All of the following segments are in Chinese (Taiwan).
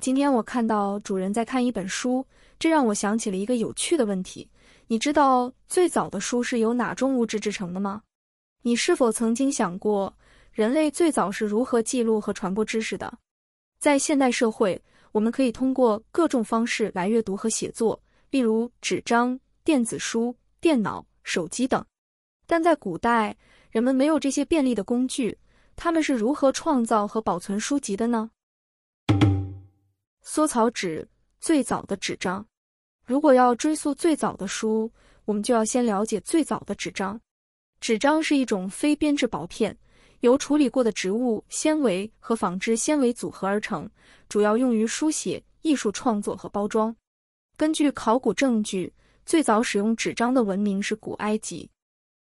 今天我看到主人在看一本書，這讓我想起了一個有趣的問題。你知道最早的書是由哪種物質製成的嗎？你是否曾經想過，人類最早是如何記錄和傳播知識的？在現代社會，我們可以通過各種方式來閱讀和寫作，例如紙張、電子書、電腦、手機等。但在古代，人們沒有這些便利的工具，他們是如何創造和保存書籍的呢？莎草紙最早的紙張，如果要追溯最早的書，我們就要先了解最早的紙張。紙張是一種非編織薄片，由處理過的植物纖維和紡織纖維組合而成，主要用於書寫、藝術創作和包裝。根據考古證據，最早使用紙張的文明是古埃及。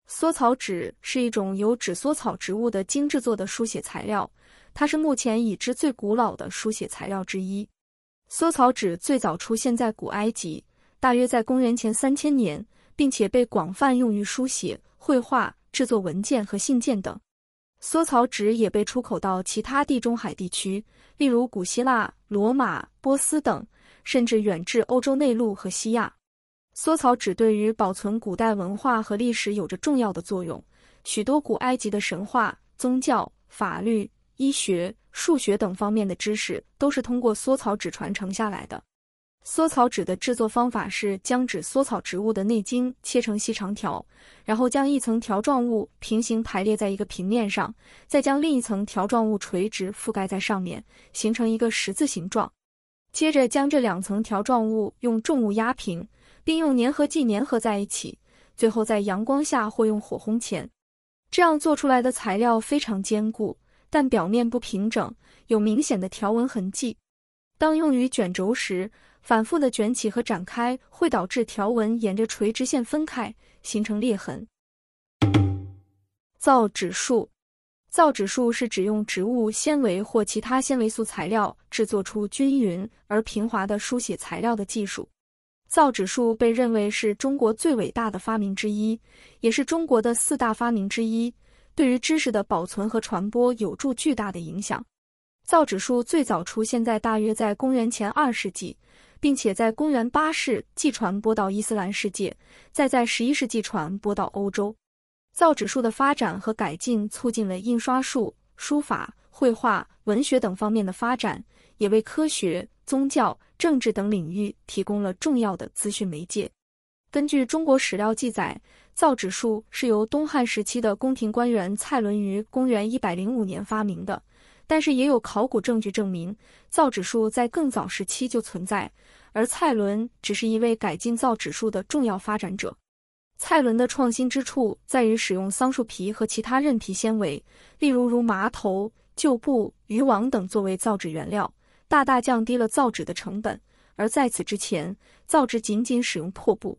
莎草紙是一種由紙莎草植物的莖製作的書寫材料，它是目前已知最古老的書寫材料之一。莎草紙最早出現在古埃及，大約在公元前三千年，並且被廣泛用於書寫、繪畫、製作文件和信件等。莎草紙也被出口到其他地中海地區，例如古希臘、羅馬、波斯等，甚至遠至歐洲內陸和西亞。莎草紙對於保存古代文化和歷史有着重要的作用，許多古埃及的神話、宗教、法律、醫學。數學等方面的知識都是通過莎草紙傳承下來的。莎草紙的制作方法是將紙莎草植物的內莖切成細長條，然後將一層條狀物平行排列在一個平面上，再將另一層條狀物垂直覆蓋在上面，形成一個十字形狀。接着將這兩層條狀物用重物壓平，並用粘合劑粘合在一起，最後在陽光下或用火烘乾，這樣做出來的材料非常堅固。但表面不平整，有明顯的條紋痕跡。當用於卷軸時，反覆的卷起和展開會導致條紋沿着垂直線分開，形成裂痕。造紙術，造紙術是指用植物纖維或其他纖維素材料制作出均勻而平滑的書寫材料的技術。造紙術被認為是中國最偉大的發明之一，也是中國的四大發明之一。對於知識的保存和傳播有助巨大的影響。造紙術最早出現在大約在公元前二世紀，並且在公元八世紀傳播到伊斯蘭世界，再在十一世紀傳播到歐洲。造紙術的發展和改進促進了印刷術、書法、繪畫、文學等方面的發展，也為科學、宗教、政治等領域提供了重要的資訊媒介。根據中國史料記載，造紙術是由東漢時期的宮廷官員蔡倫於公元105年發明的。但是也有考古證據證明，造紙術在更早時期就存在，而蔡倫只是一位改進造紙術的重要發展者。蔡倫的創新之處在於使用桑樹皮和其他韌皮纖維，例如如麻頭、舊布、漁網等作為造紙原料，大大降低了造紙的成本。而在此之前，造紙僅僅僅使用破布。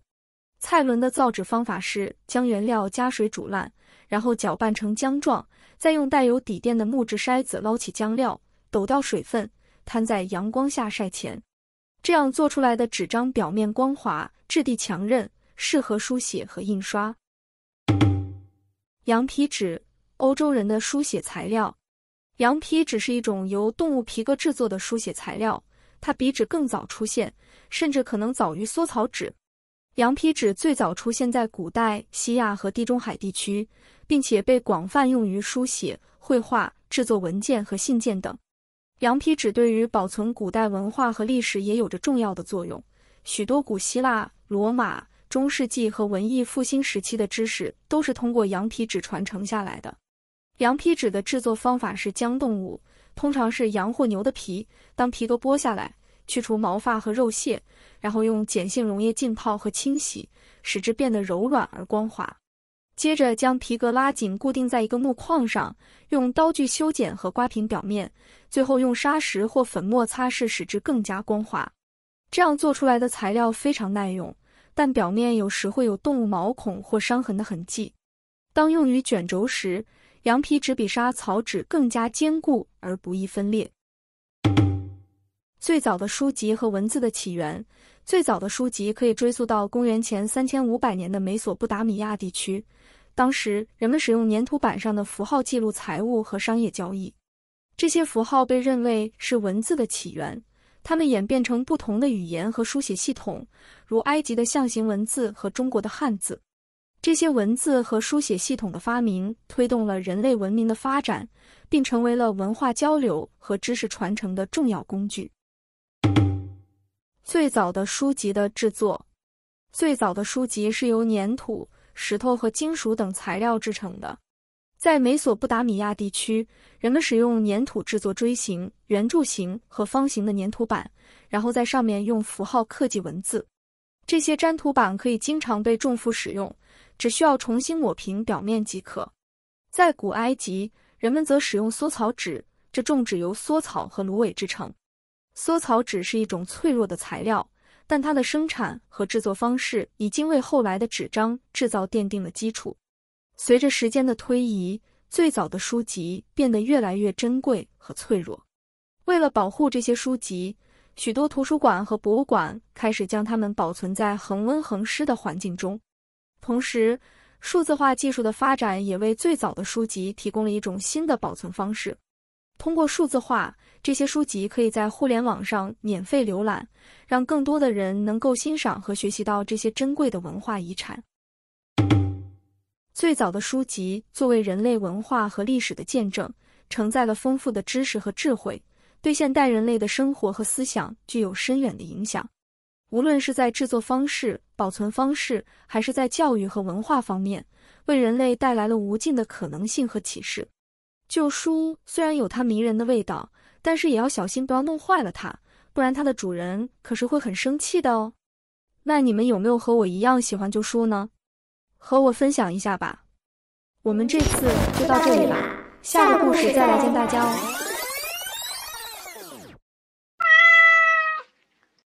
蔡倫的造紙方法是將原料加水煮爛，然後攪拌成漿狀，再用帶有底墊的木質篩子撈起漿料，抖掉水分，攤在陽光下曬乾。這樣做出來的紙張表面光滑，質地強韌，適合書寫和印刷。羊皮紙，歐洲人的書寫材料。羊皮紙是一種由動物皮革制作的書寫材料，它比紙更早出現，甚至可能早於莎草紙。羊皮紙最早出現在古代西亞和地中海地區，並且被廣泛用於書寫、繪畫、制作文件和信件等。羊皮紙對於保存古代文化和歷史也有着重要的作用。許多古希臘、羅馬、中世紀和文藝復興時期的知識都是通過羊皮紙傳承下來的。羊皮紙的制作方法是將動物，通常是羊或牛的皮，當皮革剝下來。去除毛髮和肉屑，然後用鹼性溶液浸泡和清洗，使之變得柔軟而光滑。接着將皮革拉緊，固定在一個木框上，用刀具修剪和刮平表面，最後用砂石或粉末擦拭，使之更加光滑。這樣做出來的材料非常耐用，但表面有時會有動物毛孔或傷痕的痕跡。當用於卷軸時，羊皮紙比莎草紙更加堅固而不易分裂。最早的書籍和文字的起源。最早的書籍可以追溯到公元前三千五百年的美索不達米亞地區，當時人們使用粘土板上的符號記錄財務和商業交易。這些符號被認為是文字的起源，它們演變成不同的語言和書寫系統，如埃及的象形文字和中國的漢字。這些文字和書寫系統的發明推動了人類文明的發展，並成為了文化交流和知識傳承的重要工具。最早的書籍的製作，最早的書籍是由粘土、石頭和金屬等材料製成的。在美索不達米亞地區，人們使用粘土製作錐形、圓柱形和方形的粘土板，然後在上面用符號刻記文字。這些粘土板可以經常被重複使用，只需要重新抹平表面即可。在古埃及，人們則使用莎草紙，這種紙由莎草和蘆葦製成。莎草紙是一種脆弱的材料，但它的生產和制作方式已經為後來的紙張制造奠定了基礎。隨着時間的推移，最早的書籍變得越來越珍貴和脆弱。為了保護這些書籍，許多圖書館和博物館開始將它們保存在恆溫恆濕的環境中。同時，數字化技術的發展也為最早的書籍提供了一種新的保存方式。通過數字化。這些書籍可以在互聯網上免費瀏覽，讓更多的人能夠欣賞和學習到這些珍貴的文化遺產。最早的書籍作為人類文化和歷史的見證，承載了豐富的知識和智慧，對現代人類的生活和思想具有深遠的影響。無論是在制作方式、保存方式，還是在教育和文化方面，為人類帶來了無盡的可能性和啟示。舊書雖然有它迷人的味道。但是也要小心，不要弄壞了它，不然它的主人可是會很生氣的哦。那你們有沒有和我一樣喜歡舊書呢？和我分享一下吧。我們這次就到這裡了，下個故事再來見大家哦。